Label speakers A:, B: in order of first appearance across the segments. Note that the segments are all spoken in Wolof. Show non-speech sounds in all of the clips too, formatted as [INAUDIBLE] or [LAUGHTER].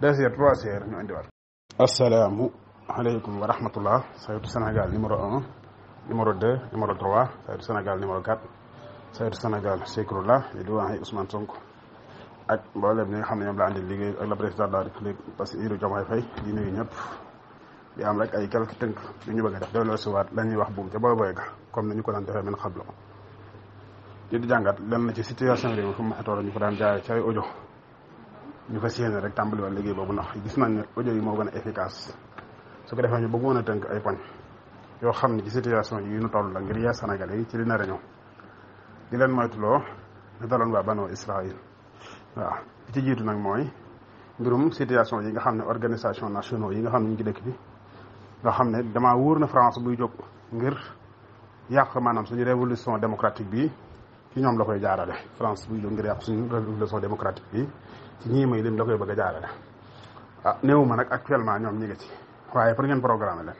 A: deuxième troisième ñu andi waat assalaamu alaykum wa rahmatullah saytu sénégal numéro 1 numéro 2 numéro 3 saytu sénégal numéro 4 saytu sénégal sekrullah yi di waxee ousmane sonko ak mboolem ñi nga xam la andi liggéey ak le président de la république parce que iru jomay fay di nuyu ñëpp di am rek ay quelque tënk yu ñu bëgg def delloo si waat la ñuy wax buum ca booboy ga comme ni ko xablo di di ci situation fu ñu ko jaay ci ay ñu fas yéene rek tàmbali woon liggéey boobu ndax gis nañ ne audio yi moo gën a efficace su ko defee ñu bëggoon a tënk ay poñ yoo xam ne ci situation yi ñu toll la ngir yee sénégalais yi ci li nar a ñëw di leen moytuloo ne daloon waa banoo israël waaw ci jiitu nag mooy mbirum situation yi nga xam organisation nationaux yi nga xam ñu ngi dëkk bi nga xam dama wóor na france buy jóg ngir yàq maanaam suñu révolution démocratique bi ci ñoom la koy jaarale france buy jóg ngir yàq suñu révolution démocratique bi ci ñii may lim la koy bëgg a jaarale ah nag actuellement ñoom ñi ngi ci waaye pour ngeen programme leen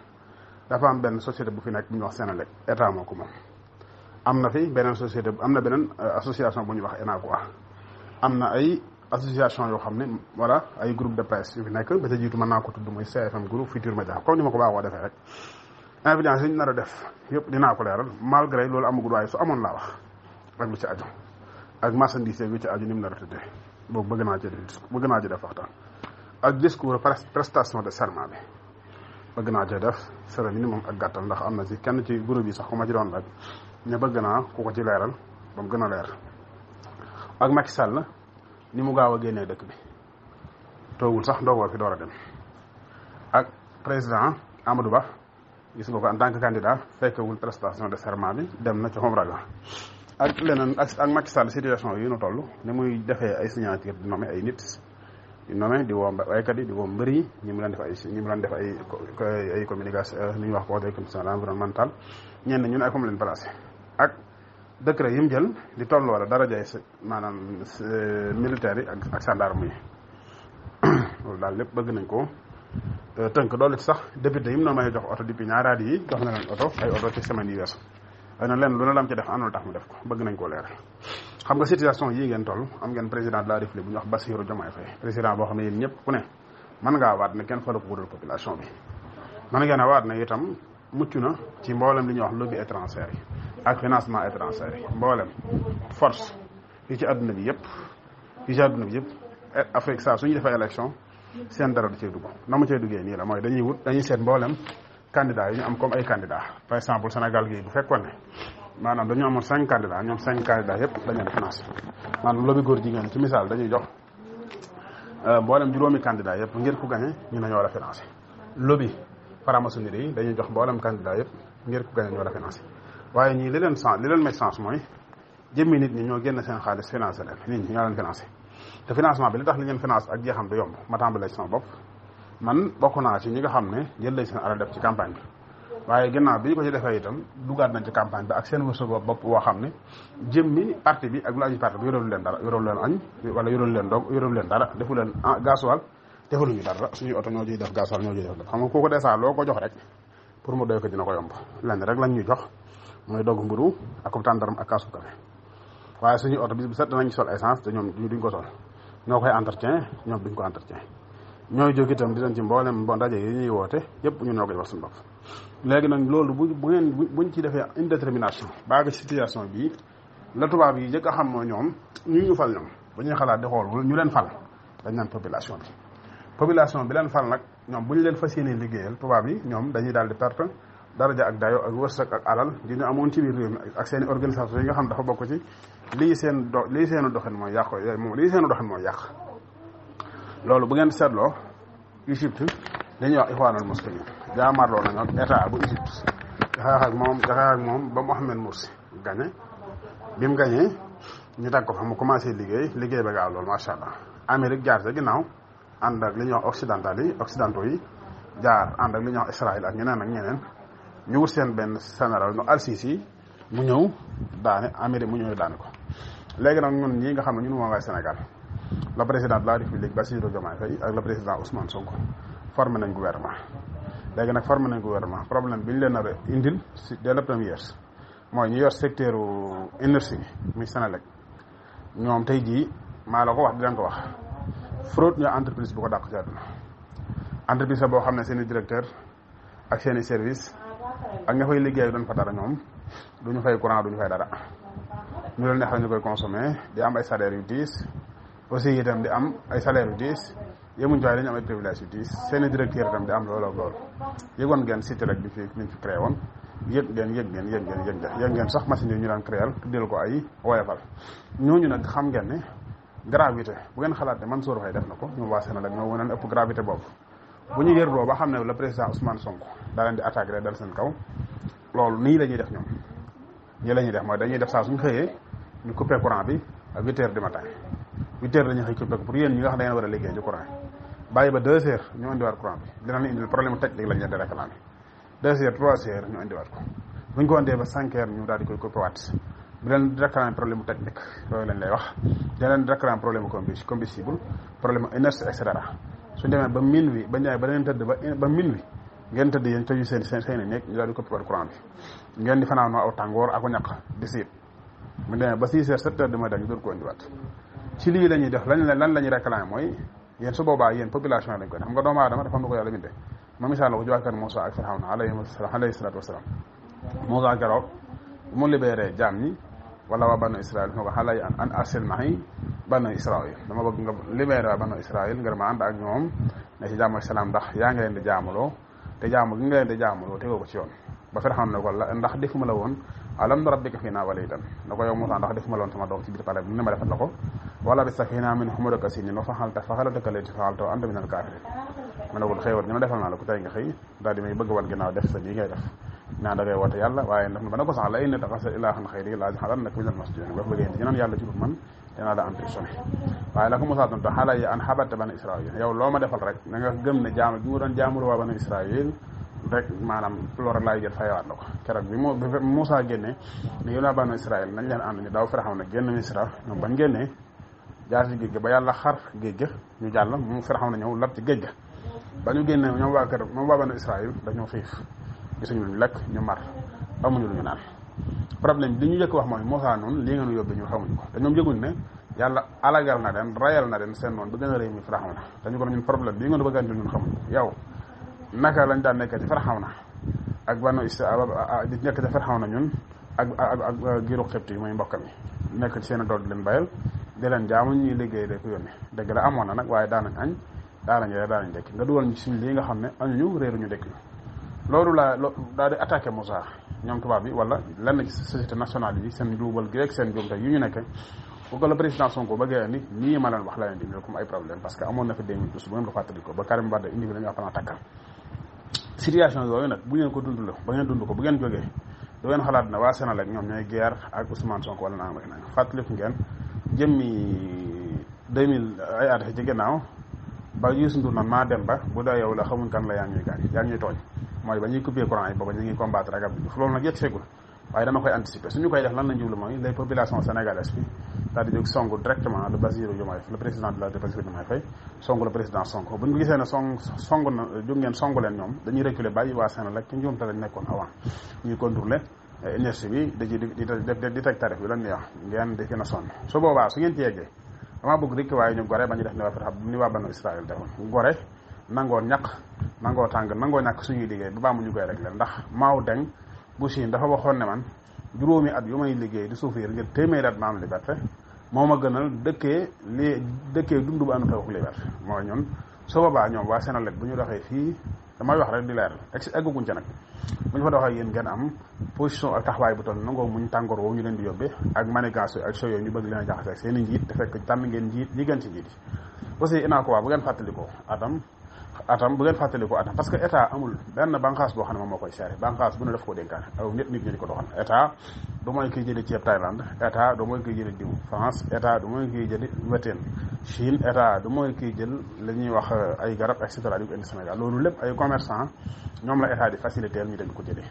A: dafa am benn société bu fi nekk bu ñuy wax Senelec état moo ko moom am na fi beneen société am na beneen euh, association bu ñuy wax ENACOA am na ay association yoo xam ne wala ay groupe de presse yu fi nekk ba ca jiitu mën naa ko tudd muy CFM groupe Futur Media comme ni ma ko baaxoo defee rek influence yi ñu nar a def yëpp dinaa ko leeral malgré loolu amagul su amoon laa wax ak lu ci aju ak marchandise yi ci aju ni mu nar a tëddee boobu bëgg naa ci def bëgg naa ci def waxtaan ak discours prestation de serment bi bëgg naa ci def cérémonie moom ak gàttal ndax am na ci kenn ci groupe yi sax ku ma ci doon laaj ne bëgg naa ku ko ci leeral ba mu gën a leer ak Macky Sall ni mu gaaw a génnee dëkk bi toogul sax ndoogoo fi door a dem ak président Amadou Ba gis nga ko en tant que candidat fekkewul prestation de serment bi dem na ci xom raga ak lenen ak ak Macky Sall situation yi ñu tollu ni muy defee ay signature di nomé ay nit di nomé di woo ay kadi di woo mbër ñi mu lan def ay ñi mu lan def ay ay communication li euh, ñuy wax comme ça environnemental ñen ñun ay comme mu leen ak décret yi mu jël di tollu wala dara jay manam euh, militaire ak ak gendarme yi [COUGHS] lool dal lepp bëgg nañ ko euh, tënk doolu sax député yi mu noonu jox auto depuis ñaaraat yi jox na auto ay auto ci semaine yi weesu xëy na lenn lu ne lam ci def am na lu tax mu def ko bëgg nañ koo leeral xam nga situation yii ngeen tool am ngeen président de la république bu ñu wax Bassirou Diomaye Faye président boo xam ne yéen ñëpp ku ne mën ngaa waat ne kenn falu ko wudal population bi mën ngeen a waat na itam mucc na ci mboolem li ñuy wax lobby étranger yi ak financement étranger yi mboolem force yi ci àdduna bi yëpp yi ci àdduna yëpp Afrique saa suñu defee élection seen dara du cee dugg na mu cee duggee nii la mooy dañuy wut dañuy seet mboolem candidat yi ñu am comme ay candidat par exemple Sénégal gi bu fekkone manam dañu amul 5 candidats ñom 5 candidats yépp dañ leen financé maanaam lobby gor jigen ci misal dañuy jox euh mbolam juróomi candidat yépp ngir ku gagné ñu nañu wara financer financé lobby faramasonerie yi dañuy jox mbolam candidat yépp ngir ku gagné ñu wara financer waye ñi li leen sens li leen may sens moy jëmmi nit ñi ñoo génn seen xaaliss financer leen nit ñi ñaan leen financé te financement bi li tax li ngeen finance ak jeexam du yomb ma tàmbalee ci sama bop man bokku na ci ñi nga xamne jël lay seen ala def ci campagne bi waye gënaa bi ko ci defay itam dugaat nañ ci campagne bi ak seen wërsëg bop woo xam ne jëmmi parti bi ak lu parti bi yoralu leen dara yoralu leen añ wala yoralu leen dog yoralu leen dara defu leen ah, gasoil defalu ñu dara suñu auto ñoo jëy def gasoil ñoo jëy def xam nga koku desa loko jox rek pour mu doy ko dina ko yomb lenn rek lañ ñu jox moy dog mburu ak tàndaram ak kasu kafe waye suñu auto bis bu set danañ sol essence te ñom duñ ko sol ñoo koy entretien ñom duñ ko entretien ñooy jóg itam di dem ci mboolem bon ndaje yi ñuy woote yëpp ñu noo koy wax suñu bopp léegi nag loolu bu bu ngeen buñ ci defee indétermination baaga situation bi la tubaab yi jëkk xam moo ñoom ñu ñu fal bu ñuy xalaat di xool wala ñu leen fal dañ naan population bi population bi leen fal nag ñoom bu ñu leen fas yéene liggéeyal tubaab yi ñoom dañuy daal parte perte daraja ak dayo ak wërsëg ak alal gi ñu amoon ci biir réew mi ak seen i organisation yi nga xam dafa bokk ci lii seen do lii seen doxin mooy yàq yooyu moom lii seen doxin mooy yàq loolu bu ngeen seetloo Égypte dañuy wax ixwaanul muslimin jaamarloo nañu ñoo état bu Égypte xeex moom xeex ak moom ba Mohamed Morsi gañe bi mu gañee ñu teg ko fa mu commencé liggéey liggéey ba gaaw loolu macha allah Amérique jaar sa ginnaaw ànd ak li ñuy wax occidental yi occidentaux yi jaar ànd ak lu ñuy wax Israël ak ñeneen ak ñeneen ñu wut seen benn général nu Al-Sisi mu ñëw daane Amérique mu ñëw daane ko léegi nag ñun ñii nga xam ne ñu moo ngay Sénégal le président de la république Bassirou Diomaye Faye ak e le président Ousmane Sonko formé nañ gouvernement légui nak formé nañ gouvernement problème biñ leen a indil ci dès la première moy ñu yor secteuru énergie bi Sénégal Sénélec ñoom tey jii maa la ko wax di leen ko wax fraude ñu entreprise bu ko dakk ci àdduna entreprise bo xamné xam seen directeur ak seen service ak nga fay liggéey doon fa dara ñom duñu fay courant duñu fay dara ñu leen neex la koy consommer di am ay salaire yu 10 aussi itam di am ay salaire yu diis yemuñ waaye dañu am ay privilège yu diis seen directeur itam di am loolu ak loolu yëgoon ngeen site rek bi fi niñ fi créé woon yëg ngeen yëg ngeen yëg ngeen yëg ngeen yëg ngeen sax machine yi ñu daan créé tuddeel ko ay woyafal ñooñu nag xam ngeen ne gravité bu ngeen xalaat ne man sóor fay def na ko ñoom waa Sénégal ñoo wënoon ëpp gravité boobu bu ñu yërloo ba xam ne le président Ousmane Sonko daa leen di attaqué rek dal seen kaw loolu nii la ñuy def ñoom nii la ñuy def mooy dañuy def saa suñ xëyee ñu coupé courant bi à 8 heures du matin huit lañu xey ñuy xëy pour yeen ñi nga xam da ngeen liggéey ci courant bàyyi ba 2 heures ñu andi war courant bi dina leen indi problème technique lañu dara kala 2 deux heures trois heures ñu war ko buñ ko andé ba 5 heures ñu daal di koy coupé waat bu leen kala problème technique loolu lañ lay wax dina leen réclamé problème combustible combustible problème inertie et cetera su démé ba minuit ba ñay ba len tedd ba ba minuit ngeen tedd yeen tëju seen seen seen nekk ñu daal di coupé waat courant bi ngeen di fanaano aw tangor ak ñaq disit mu démé ba 6 heures 7 heures dama dañu dur ko andi wat ci li lañuy def lañ lan lanuy réclamer moy yéen su boba yéen population lañ ko def xam nga doomu aadama dafa am ko yàlla bindé ma misal la ko jowakar kan Moussa ak Firawna alayhi alayhi salaatu wasalaam Moussa garo mu libéré jaam ñi wala wa banu Israël ma ko xalay an an arsil mahi banu Israël dama bëgg nga libéré wa banu Israël ngir ma ànd ak ñoom ne ci jàmm ak ndax ya ngi leen di jamulo te jaamu gi nga leen di jamulo te ko ci yoon ba Firawna ne ko ndax defuma la woon alam rabbika fina walidan na ko yow Moussa ndax defuma la woon sama doom ci biir pale bi ma defal la wala bi sakina min xumura kasinin wa faxalta faxalata kalati faxalta wa anta min alkafirin ma ne ko xëywal defal naa la ko tey nga xëy daal di may na ba na ko sax laa jaxalan man dinaa la ma defal rek na nga gëm ne jaamu gi mu doon jaamul waa bani israil rek maanaam loolu laay jël fayawaat la ko keroog bi Musaa génne ni yow naa bani israil nañ leen ànd ñu daaw firaxaw na génn misra ñoom bañ génnee jaar ci géej ga ba yàlla xar géej ga ñu jàll moom Firawna ñëw lab ci géej ga ba ñu génne ñoom waa kër moom waa banu Israël dañoo xiif gisuñu lu ñu lekk ñu mar amuñu lu ñu naan problème bi li ñu jëkk wax mooy Moussa noonu lii ngeen yóbbee ñu xamuñu ko te ñoom ne yàlla alagal na den rayal na den seen noonu bi gën a rëy mi Firawna dañu ko ñun problème bii ngeen bëgg a ñun xamuñu yow naka lañ daan nekk ci na ak banu Israël di nekk ci Firawna ñun ak ak ak giru xibti yi mooy mbokkam yi nekk ci seen dool di leen bayal di leen jaamu ñuy liggéey rek yone dëgg la amoon na nag waaye daanañ añ daanañ rek daanañ dekki nga dugal ñu suñu lii nga xam ne añuñu réeruñu dekki loolu laa daal di attaqué Moussa ñoom tubaab bi wala lenn ci société nationale bi seen njuubal gi rek seen njuumte yu ñu nekk bu ko le président Sonko bëggee ni nii ma leen wax la leen di comme ay problème parce que amoon na fi 2012 bu ngeen ko fàttali ko ba Karim Wade indi ko dañu apprend takkal situation yooyu nag bu ngeen ko dund la ba ngeen dund ko bu ngeen jógee du ngeen xalaat ne waa Sénégal ak ñoom ñooy guerre ak Ousmane Sonko wala naa ma nag fàttaliku ngeen jëmmi deux mille ay at ci ginnaaw ba Youssou Ndour naan maa dem ba bu dee yow la xamuñ kan la yaa ñuy gaañ yaa ñuy tooñ mooy ba ñuy coupé courant yi booba ñu ngi combattre ak Abdou Diouf loolu nag yegg seegul waaye dama koy anticiper suñu koy def lan la jublu mooy les populations sénégalaises bi daal di jóg songu directement le Bassirou Diomaye le président de la République Diomaye Faye songu le président Sonko bu ñu gisee ne song songu na jóg ngeen songu leen ñoom dañuy reculer bàyyi waa nekkoon avant ñuy contrôler énergie bi da ciy di di bi lan neex ngeen di gën a sonn su boobaa su ngeen ci yeggee damaa bëgg rek waaye ñu gore ba ñu def ni waa Fatah ni waa Banu Israël defoon gore nangoo ñaq nangoo tàng nangoo ñàkk suñuy liggéey ba baa mu ñu koy régler ndax maaw deng bu Chine dafa waxoon ne man juróomi at yu may liggéey di souffrir ngir téeméeri at ma am liberté moo ma gënal dëkkee li dëkkee dund bu am taw liberté mooy ñun su boobaa ñoom waa Sénégal bu ñu doxee fii damay wax rek di leer egg egguñ ca nag bu ñu fa doxee yéen ngeen am position ak taxawaay bu toll nangoo muñ tàngoor woowu ñu leen di yóbbee ak manigance ak show yooyu ñu bëgg leen a jaxase ak seen i njiit te fekk tànn ngeen njiit njiit yi aussi inaakuwaa bu ngeen fàttalikoo atam atam bu ngeen fàttalikoo atam parce que état amul benn banqaas boo xam ne moo koy seere banqaas bu ne daf koo ko doxal état du mooy koy jëli ceeb Thaïlande état du mooy koy jëli diw France état du mooy koy jëli weteen Chine état du mooy koy jël la ñuy wax euh, ay garab et cetera di indi Sénégal loolu lépp ay commerçant ñoom la état di faciliter ñu dem ko jëli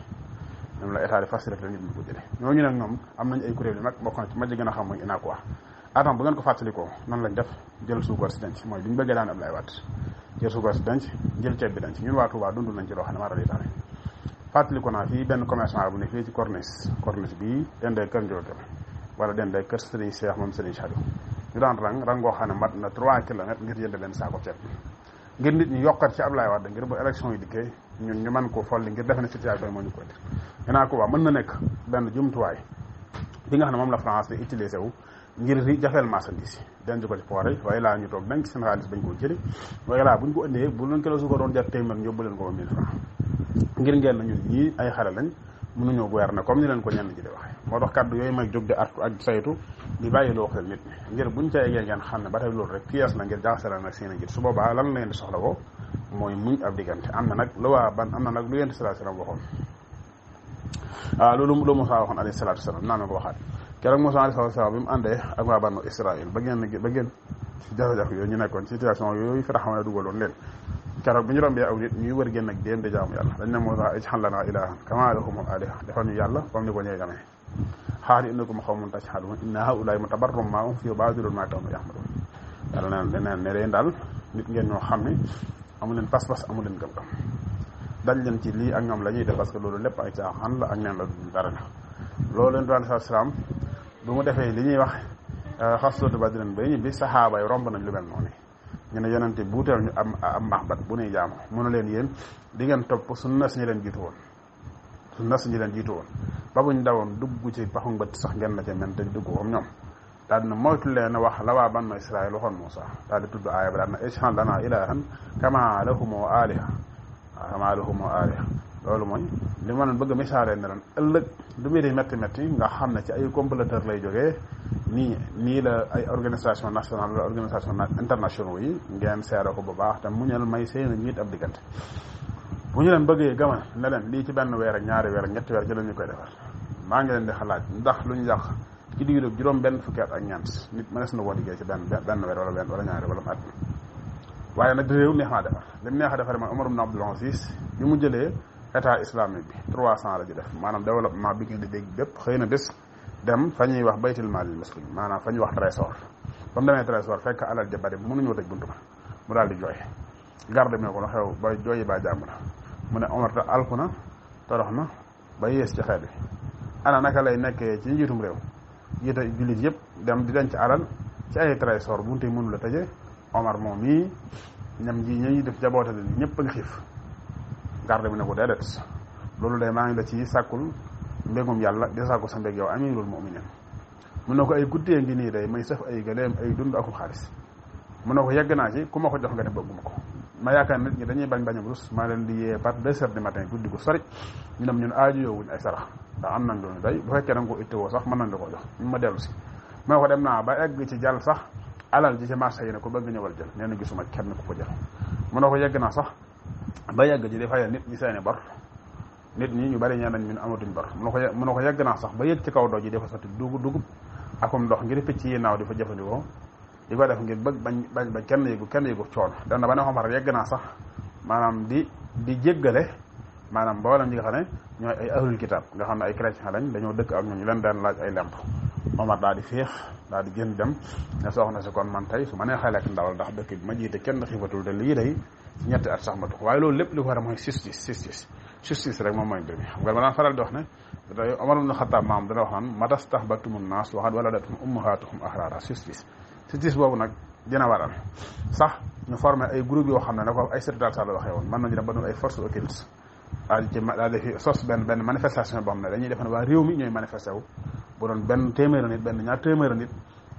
A: ñoom la état di faciliter ñu dem ko jëli ñooñu nag ñoom am nañu ay kuréel yu mag bokk na ma ji gën a xam mooy inaakuwa atam bu ngeen ko fàttalikoo nan lañ def jël suukar si denc mooy bi ñu bëggee daan Ablaye Wade jël suukar si denc jël ceeb bi denc ñun waa Touba dund nañ ci loo xam ne maa fàttaliku naa fii benn commerçant bu ne fii ci corniche corniche bii dendee kër Ndiogé wala moom Serigne Saliou ñu daan rang rang goo xam ne mat na 3 kilomètres ngir jënd leen saako ceeb ngir nit ñi yokkat ci Ablaye Wade ngir ba élection yi dikkee ñun ñu mën koo folli ngir defe na nekk benn jumtuwaay bi nga xam ne moom la France di utilisé wu ngir ri jafeel marchandise yi denc ko ci poore waaye laa ñu toog denc seen bañ koo jëli waaye laa buñ ko indee bu leen kilo suukar doon jar téeméer ñu yóbbu leen ko ba 1000 ngir ngeen na ñun ñii ay xale lañ mënuñoo gouverner comme ni leen ko ñenn ji di moo tax kaddu yooyu may jóg di artu ak saytu di bàyyi loo nit ñi ngir buñ ca yeggee ngeen xam ne ba tey loolu rek pièce la ngir jaxase la nag seen i su boobaa lan la leen di soxla woo mooy muñ ab diggante am na nag lu waa ban am na nag lu yéen sallallahu alayhi wasallam waxoon waaw ah, loolu lu Musaa waxoon alayhi salaatu wasalaam naa ma ko waxaat keroog Musaa alayhi salaatu wasalaam bi mu àndee ak waa banu Israël ba génn ba génn ci jafe-jafe yooyu ñu nekkoon situation yooyu Firawna dugaloon leen keroog bi ñu rombee aw nit ñuy wër génn a déem di jaamu yàlla dañ ne moo tax ijxal lanaa ilaahan kamaa lahum aaliha defal ñu yàlla comme ni ko ñëwee amee xaari innakum xawmun tajhaluun inna haa'ulaa'i mutabarrum maa hum fiihi wa baatilu maa kaanu ya'maluun yàlla ne ne ne daal nit ngeen ñoo xam amu leen pas-pas amu leen gëm-gëm dañ leen ci lii ak ñoom la ñuy def parce que loolu lépp ay caaxaan la ak neen la dara loolu leen doon saa salaam bu mu defee li ñuy wax eh, xasootu badrin ba ñu bi saxaaba yi romb nañ lu mel ñu ne yonente buutal ñu am am mahbat bu nuy jaamu mu ne leen yéen di ngeen topp su nas ñi leen jiitu woon su nas ñi leen jiitu woon ba buñ dawoon dugg ci paxu mbët sax ngeen na ca men te dugg comme ñoom daal dina moytu leen a wax la waa banu israil waxoon Muusa daal di tudd aaya ba daal na ishan a ilahan kama lahumu aliha kama lahumu aliha loolu mooy li ma leen bëgg misaale ne leen ëllëg lu muy di metti metti nga xam ne ci ay compléteur lay jógee nii nii la ay organisation nationale la organisation internationaux yi ngeen seere ko ba baax te muñal may seen njiit ab diggante bu ñu leen bëggee gama ne leen lii ci benn weer ak ñaari weer ak ñetti weer ci la ñu koy defar maa ngi leen di xalaat ndax lu ñu yàq juróom benn fukki at ak ñeent nit mënees na koo liggéey ci benn benn weer wala benn wala ñaari wala at waaye nag réew neex naa defar li neex a defar mooy Omar ibn Abdul Aziz bi mu jëlee état islamique bi 300 la ci def maanaam développement bi ngeen di dégg bépp xëy na bés dem fa ñuy wax baytil maalil muslim maanaam fa ñuy wax trésor ba mu demee trésor fekk alal ja bari mënuñoo tëj buntu ba mu daal di jooy garde bi ne ko lu xew ba jooyi ba jàmm na mu ne Omar te alku na torox na ba yées ci xeet bi ana naka lay nekkee ci njiitum réew jiite jullit yëpp dem di denc alal ci ay trésor buntu yi mënu la tëje Omar moom mii ñam ji ñu def jaboote ñëpp a ngi xiif garde bi ne ko déedéet loolu de maa ngi la ci sàkkul mbégum yàlla desaa ko sa mbég yow amirul muminin mun na ko ay guddee ngi nii day may saf ay gëleem ay dund akum xaalis mun na ko yegg naa ci ku ma ko jox nga ne bëgguma ko ma yaakaar nit ñi dañuy bañ bañam rus maa leen di par deux heures guddi gu sori ñu ne ñun aaju yowuñ am nañ loolu day bu fekkee da nga ko sax mën nañ la koo ñu ma dellu si mun na dem naa ba egg ci jàll sax alal ji ci marché yi ne ko bëgg ñëwal jël nee na gisuma kenn ku ko jël mun na ko yegg naa sax ba yegg ji di fayal nit ñi seeni bor nit ñi ñu bari ñaan nañ min amatuñ bar mu ko mu ko yàgg naa sax ba yegg ci kaw doj yi dafa sotti dug dug akum ndox ngir picc yi naaw di fa wo di ko def ngir bëgg bañ bañ ba kenn yëgu kenn yëgu coono dana ba ne xomar yegg na sax manam di di jéggalé manam mboolem ñi nga xam ñoy ay ahlul kitab nga xam ay chrétien lañ dañoo dëkk ak ñun leen daan laaj ay lamp omar daal di feex daal di gën dem ne soxna ci kon man tay su mané xalé ak ndawal ndax dëkk ma jité kenn xiifatul de li day ñett at sax ma dugg waaye lool lepp li ko war a 6 6 justice justice rek moom mooy mbir mi xam nga ma daan faral di wax ne day Omar sax ñu formé ay groupe yoo xam ne na ko ay secrétaire sala waxee woon mën nañu dem sos benn benn manifestation boo xam ne dañuy defe ne waa réew mi ñooy manifesté wu bu doon benn téeméeri nit benn ñaar téeméeri nit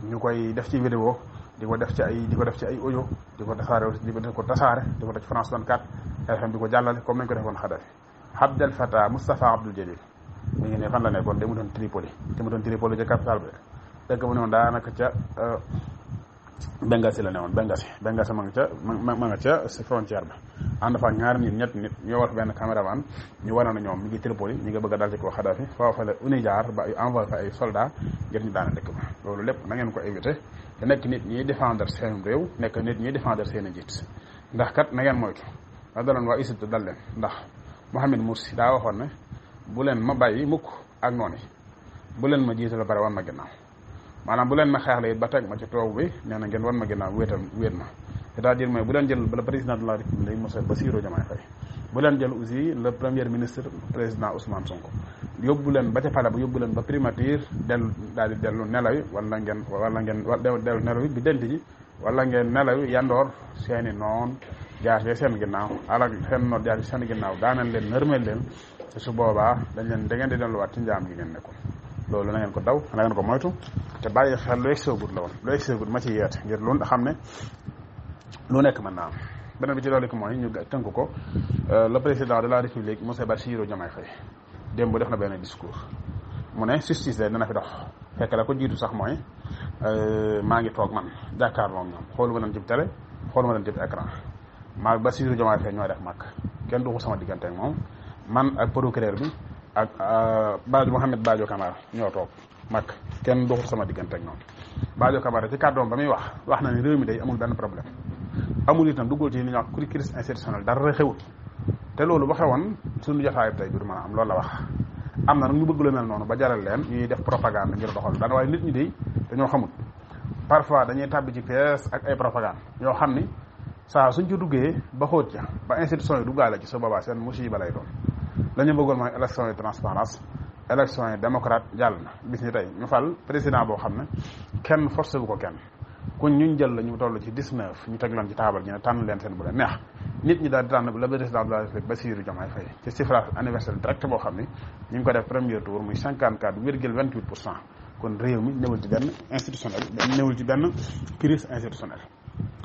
A: ñu koy def ci vidéo di ko def ci ay di def ci ay audio di ko tasaare di ko tasaare di ko def ci France 24 FM di jàllale comme nañ ko defoon Xadafi Abdel Fattah Moustapha Abdoul Jalil mi ngi ne fan la nekkoon demu doon Tripoli demu doon Tripoli ca capital bi rek dëkk bu ne woon daanaka ca uh, Benghazi la ne woon Benghazi Benghazi ma nga ca ma nga ca frontière ba ànd fa ñaari nit ñett nit ñoo wax benn caméraman ñu waroon a ñoom mi ngi Tripoli ñi ngi bëgg daal dal ko kaw Xadaafi foofa la uni jaar ba envoyé fa ay soldat ngir ñu daana dëkk ba loolu lépp na ngeen ko éviter te nekk nit ñiy défendre seen réew nekk nit ñiy défendre seen i njiit ndax kat na ngeen moytu la daloon waa Égypte dal ndax Mohamed Morsi daa waxoon ne bu leen ma bàyyi mukk ak noonu bu leen ma jiital bare wan ma ginnaaw maanaam bu leen ma xeexle it ba teg ma ci toog bi nee na ngeen wan ma ginnaaw wéetal wéet ma c'est-à-dire mooy bu leen jël la président de la république monsieur Bassirou Diomaye Faye bu leen jël aussi le premier ministre président Ousmane Sonko yóbbu leen ba ca pale ba yóbbu leen ba primature dell daal di dellu nelawi wala ngeen wala ngeen dellu nelawi bi dent ji wala ngeen nelawi yandoor seeni noon jaar ya seen ginnaaw alak seen noot jaas leen nërmeel leen su boobaa dañ leen da ngeen di delluwaat ci njaam gi ne nekkoon loolu na ngeen ko daw na ngeen ko moytu te bàyyi xel lu egseegut la woon lu egseegut ma ci yeete ngir lu xam ne lu nekk mën naa am beneen bi ci ko mooy ñu tënk ko euh, le président de la république monsieur Bassirou Diomaye Faye démb def na benn discours mu ne justice day dana fi dox fekk la ko jiitu sax mooy euh, maa ngi toog man jàkkaarloo ñoom xooluma leen ci télé xooluma leen ci écran ma ba Bassirou Diomaye fe ñoo def mak kenn du sama digante ak mom man ak procureur bi ak euh, Badio mohammed Badio kamara ñoo toog mak kenn du sama digante ak non Badio kamara ci kàddoom ba muy wax wax na ni rew mi day amul ben problème amul itam duggul ci ni wax crise institutionnel dara xewul te lolu ba xewoon suñu jafay tay bi du am lolu la wax amna na ñu bëgg lu mel nonu ba jaral leen ñuy def propagande ngir doxal daan way nit ñi day dañoo xamul parfois dañuy tabbi ci PS ak ay propagande ñoo xamni saa suñ ci duggee ba xóot ca ba institution yi duggaale ci su boobaa seen musiba lay doon la ñu bëggoon mooy élection yi transparence élection yi démocrate jàll na bis ni tey ñu fal président boo xam ne kenn forcé bu ko kenn kuñ ñuñ jël la ñu toll ci 19 ñu teg loon ci taabal ñu ne tànn leen seen bu leen neex nit ñi daal di tànn la président de la république Bassirou Diomaye Faye ci suffrage universel direct boo xam ne ñu ngi ko def premier tour muy 54 virgule 28 pour cent kon réew mi ci benn institutionnel newul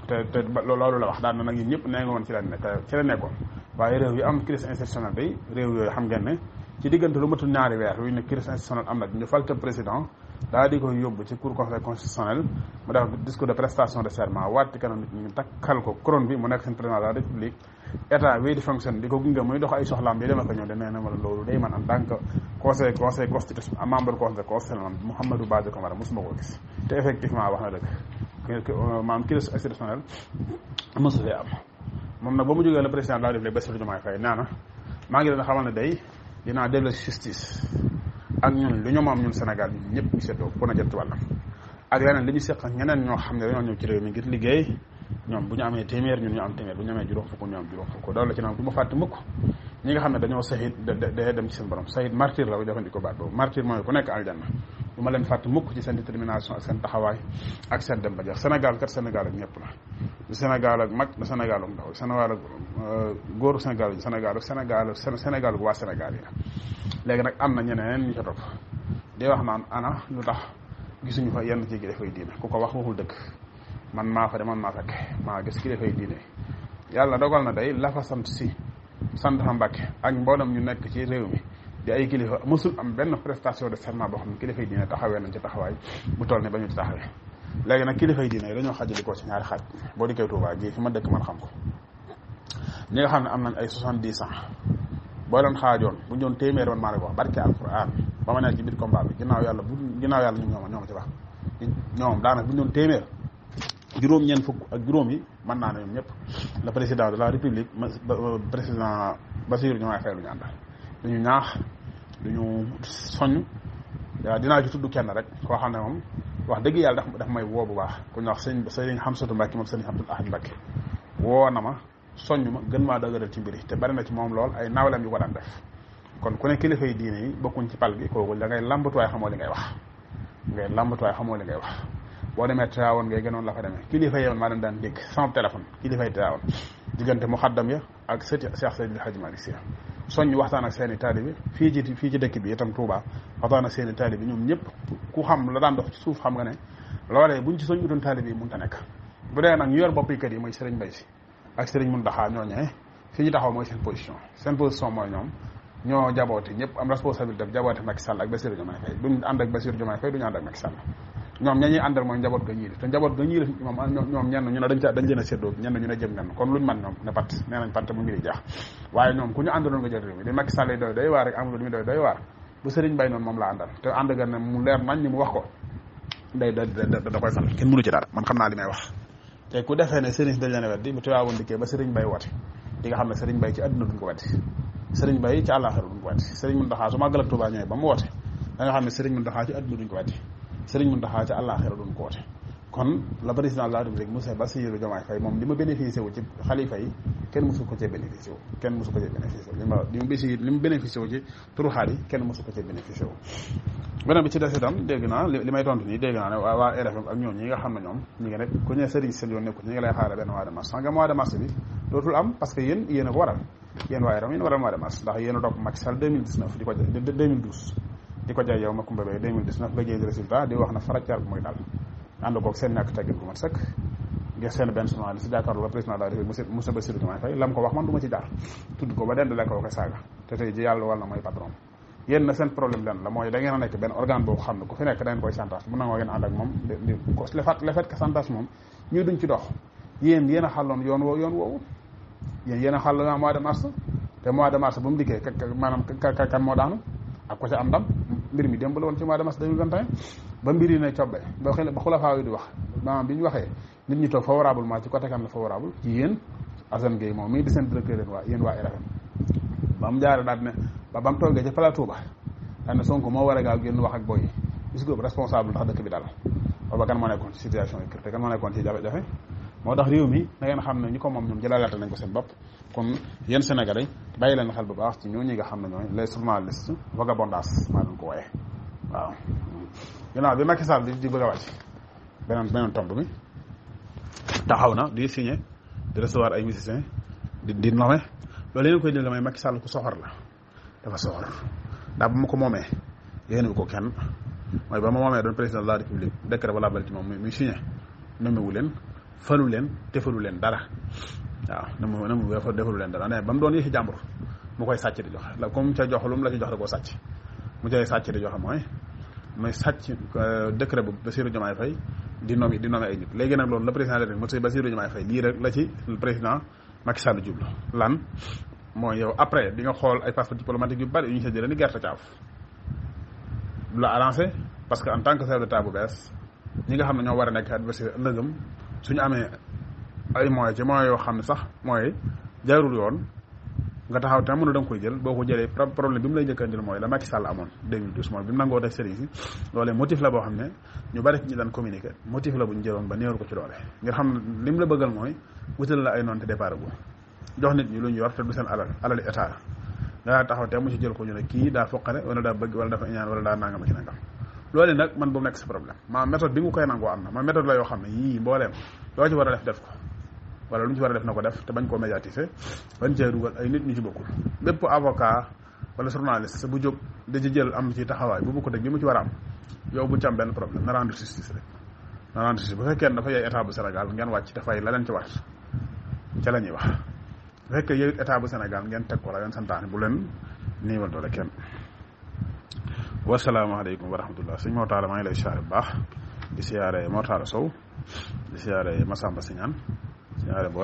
A: te te loolu la wax daan na nag ñun ñëpp nee nga woon ci la ne ci la nekkoon waaye réew yi am crise institutionnelle day réew yooyu xam ngeen ne ci diggante lu matul ñaari weer yu ne crise institutionnelle am na ñu fal président daal di koy yóbbu ci cour conseil constitutionnel mu def discours de prestation de waat ci kanam nit takkal ko couronne bi mu nekk seen président de la république état wii di fonctionne di ko gunge muy dox ay soxlaam yi deme ko ñëw de nee na ma loolu Euh, maanaam crise exceptionnelle mësu fee am moom nag ba mu jógee le président laa def le Bassirou Diomaye Faye nee na maa ngi leen xamal ne day dinaa delloo justice ak ñun lu ñu moom ñun Sénégal ñun ñëpp ñu seddoo ku na jot wàllam ak leneen li ñu seq ñeneen ñoo xam ne dañoo ñëw ci réew mi ngir liggéey ñoom bu ñu amee téeméer ñun ñu am téeméer bu ñu amee juróom fukk ñu am juróom fukk daal la ci naan du ma fàtte mukk ñi nga xam ne dañoo sahid da dem ci seen borom sahid martyr la ko jëfandikoo baat boobu du ma leen fàtte mukk ci seen détermination ak seen taxawaay ak seen dem ba jeex Sénégal kat Sénégal ak ñëpp la du mag du Sénégal ak ndaw Sénégal ak euh, góoru Sénégal ak Sénégal ak Sénégal ak waa Sénégal léegi nag am na ñeneen ñu ca topp di wax naan ana lu tax gisuñu fa yenn ci kilifay diine ku ko wax waxul dëgg man maa fa demoon maa fekk maa gis kilifay diine yàlla dogal na dey lafa sant si sant fa Mbàkke ak mboolem ñu nekk ci réew mi di ay kilifa mosul am benn prestation de serment boo xam ne kilifa yi diine taxawee nañ ci taxawaay bu toll ne ba ñu ci taxawee léegi nag kilifa yi diine dañoo xajali ko ci ñaari xaaj boo dikkee Touba gii fi ma dëkk man xam ko ñi nga xam ne am nañ ay soixante dix ans boo leen xaajoon bu ñu doon téeméer man maa lay wax barke alquran ba ma nekk ci biir combat bi ginnaaw yàlla bu ginnaaw yàlla ñoom ñooma ñooma ci wax ñoom daanaka bu ñu doon téeméer juróom ñeen fukk ak juróom yi mën naa ne ñoom ñëpp le président de la république président Bassirou Diomaye Faye lu ñu àndal dañu ñaax duñu soññ waaw dinaa ci tudd kenn rek koo xam ne moom wax dëgg yàlla daf may woo bu baax ku ñu wax sëñ xam Xamsatu Mbàkke moom sëriñ Abdul Ahad Mbàkke woo na ma soññ ma gën maa dëgëral ci mbir te bari na ci moom lool ay nawleem yu ko daan def kon ku ne kilifa yi diine yi bokkuñ ci pal gi kooku da ngay lambatuwaay xamoo li ngay wax ngay lambatuwaay xamoo li ngay wax boo demee Tiwaawan ngay gënoon la fa demee kilifa yi maa leen daan dégg sama téléphone kilifa yi diggante mu xaddam ya ak sëti Cheikh Seydil Hadji Malick Sy soñ waxtaan ak seen i bi fii ci fii ci dëkk bi itam Touba waxtaan ak seen i taalibe ñoom ñëpp ku xam la daan dox ci suuf xam nga ne loolee buñ ci soññ doon taali yi mun ta nekk bu dee nag ñu yor bopp kër yi mooy Serigne Mbaye si ak Serigne Mountakha ñooñee fi ñu taxaw mooy seen position seen position mooy ñoom ñoo jaboote ñëpp am responsabilité b jaboote Macky Sall ak Bassirou Diomaye Faye duñ ànd ak Bassirou Diomaye Faye duñu ànd ak Macky Sall ñoom ña ñuy àndal mooy njaboot ga ñuy def te njaboot ga ñuy def moom ñoom ñenn ñu ne dañ ca dañ leen a séddoo ñenn ñu ne jëm nen kon luñ man ñoom ne pat nee nañ pant mu ngi jaax waaye ñoom ku ñu àndal te ànd mu leer nañ ni mu wax ko day da da koy fal kenn mënu ci dara man xam naa li may wax te ku defee ne Serigne dañ leen a weddi bu Tiwaawoon dikkee ba Serigne nga xam ne Serigne Baye mu woote da nga xam ne Serigne Mountakha ci àdduna duñ ko weddi Serigne Mountakha ca àllaaxira doon ko woote kon la président de la République Moussa Bassirou Diomaye Faye moom li ma bénéficié wu ci xalifa yi kenn mosu ko cee bénéficié wu kenn mosu ko cee bénéficié wu li ma li ma bési li mu bénéficié wu ci turuxaat yi kenn mosu ko cee bénéficié wu beneen bi ci des itam dégg naa li may tontu nii dégg naa ne waa RFM ak ñoom ñi nga xam ne ñoom ñi nga nekk ku ñu sëriñ seen yoon nekku ñi ngi lay xaare benn mois de mars sanga mois de mars bi dootul am parce que yéen yéen a ko waral yéen waa RFM yéen waral mois de mars ndax yéen a topp Macky Sall 2019 di ko 2012 diko ko jaay yow ma kumba bay 2019 ba géej résultat di wax na faraccaar bu muy dal ànd koog sen nak tagi bu mat sen ben sama ci journaliste jàkkaarloo président da rew république Moussa Bassirou dama fay lam ko wax man duma ci dar tudd ko ba dend la ko ko saga te tay ji yalla wal na mooy patron yen na sen problème lan la moy da ngeen a nekk benn organe bo xam ko fi nek da ngeen koy chantage bu nangoo ngeen and ak mom di ko le fat le fat ka chantage mom ñu duñ ci dox yen yena xalon yon wo yon wo yen yena yéen a xàlloon mois de mars te mois de mars bu mu dikkee maanaam kan mo daanu ak ko ci am ndam mbir mi démb la woon ci mois de mars 2021 ba mbir ne cobbe ba xel ba xulafaa di wax maanaam bi ñu waxee nit ñi toog favorablement ci côté kan la favorable ci yéen Assane Gueye moom mii di seen directeur yéen waa yéen waa RFM ba mu jaare daal ne ba ba mu toogee ca plateau ba daal ne Sonko moo war a gaaw génn wax ak boy yi gis nga responsable ndax dëkk bi daal booba kan moo nekkoon ci situation yi critique kan moo nekkoon ci jafe-jafe moo tax réew mi na ngeen xam ne ñu ko moom ñoom jëlaalaate nañ ko seen bopp kon yéen sénégalais bàyyi leen xel bu baax ci ñooñu nga xam ne ñooy les journalistes vagabondage maa leen ko wooyee waaw ginnaaw bi Macky Sall di di bëgg a wàcc beneen beneen tomb bi taxaw na di signé di recevoir ay musiciens di di nommer loolu yéen koy déglu mooy Macky Sall ku soxor la dafa soxor ndax bu mu ko moomee yeenu ko kenn mooy ba ma moomee doon président de la république décret valable moom muy signé leen falu leen defalu leen dara waaw na mu na mu defalu leen dara ne ba mu doon yëfi jàmbur mu koy sàcc di jox la comme ca jox lu mu la ci jox da koo sàcc mu cay sàcc di joxe mooy mooy sàcc euh, décret bu Bassirou Diomaye Faye di nomi di nomi ay léegi nag loolu la président de monsieur Bassirou Diomaye Faye lii rek la ci président Macky Sall jublu lan mooy yow après bi nga xool ay passeport diplomatique yu bari yu ñu sa jëlee ni gerte caaf du la arrangé parce que en tant que chef d'état bu bees ñi nga xam ne ñoo war a nekk adversaire suñu amee ay moyens ci moyens yoo xam ne sax mooy jaarul yoon nga taxaw te mën a da nga koy jël boo ko jëlee problème bi mu lay njëkk mooy la Macky Sall amoon 2012 mooy bi mu nangoo def sëriñ si motif la boo xam ne ñu bari ci ñu daan communiqué motif la bu ñu jëloon ba néewal ko ci doole ngir xam ne li mu la bëggal mooy wutal la ay noon te départ jox nit ñi lu ñu yor te du seen alal alal état nga taxaw te mu ci jël ko ñu ne kii daa foqale wala daa bëgg wala dafa ñaan wala lolé nak man bu nek ci problème ma méthode bi nga koy nangoo amna ma méthode la yo xamné yi yii mbooleem ci wara def def ko wala lu ci wara def nako def te bañ ko médiatiser bañ ci dugal ay nit ñu ci bokul bép avocat wala journaliste bu jog da ci jël am ci taxaway bu bokkut ak bi mu ci wara am yow bu ci am ben problème na rendre justice rek na rendre justice bu fekkee dafa yey état bu Sénégal ngeen wàcc dafay la leen ci wax ci la ñuy wax rek fekkee état bu Sénégal ngeen tek ko la ngeen santane bu leen do la kenn wasalaamaaleykum wa rahmatullah sëñ Mor Talla ngi lay siyaare bu baax di siyaare Mor Talla Sow di siyaare Massamba Signane siyaare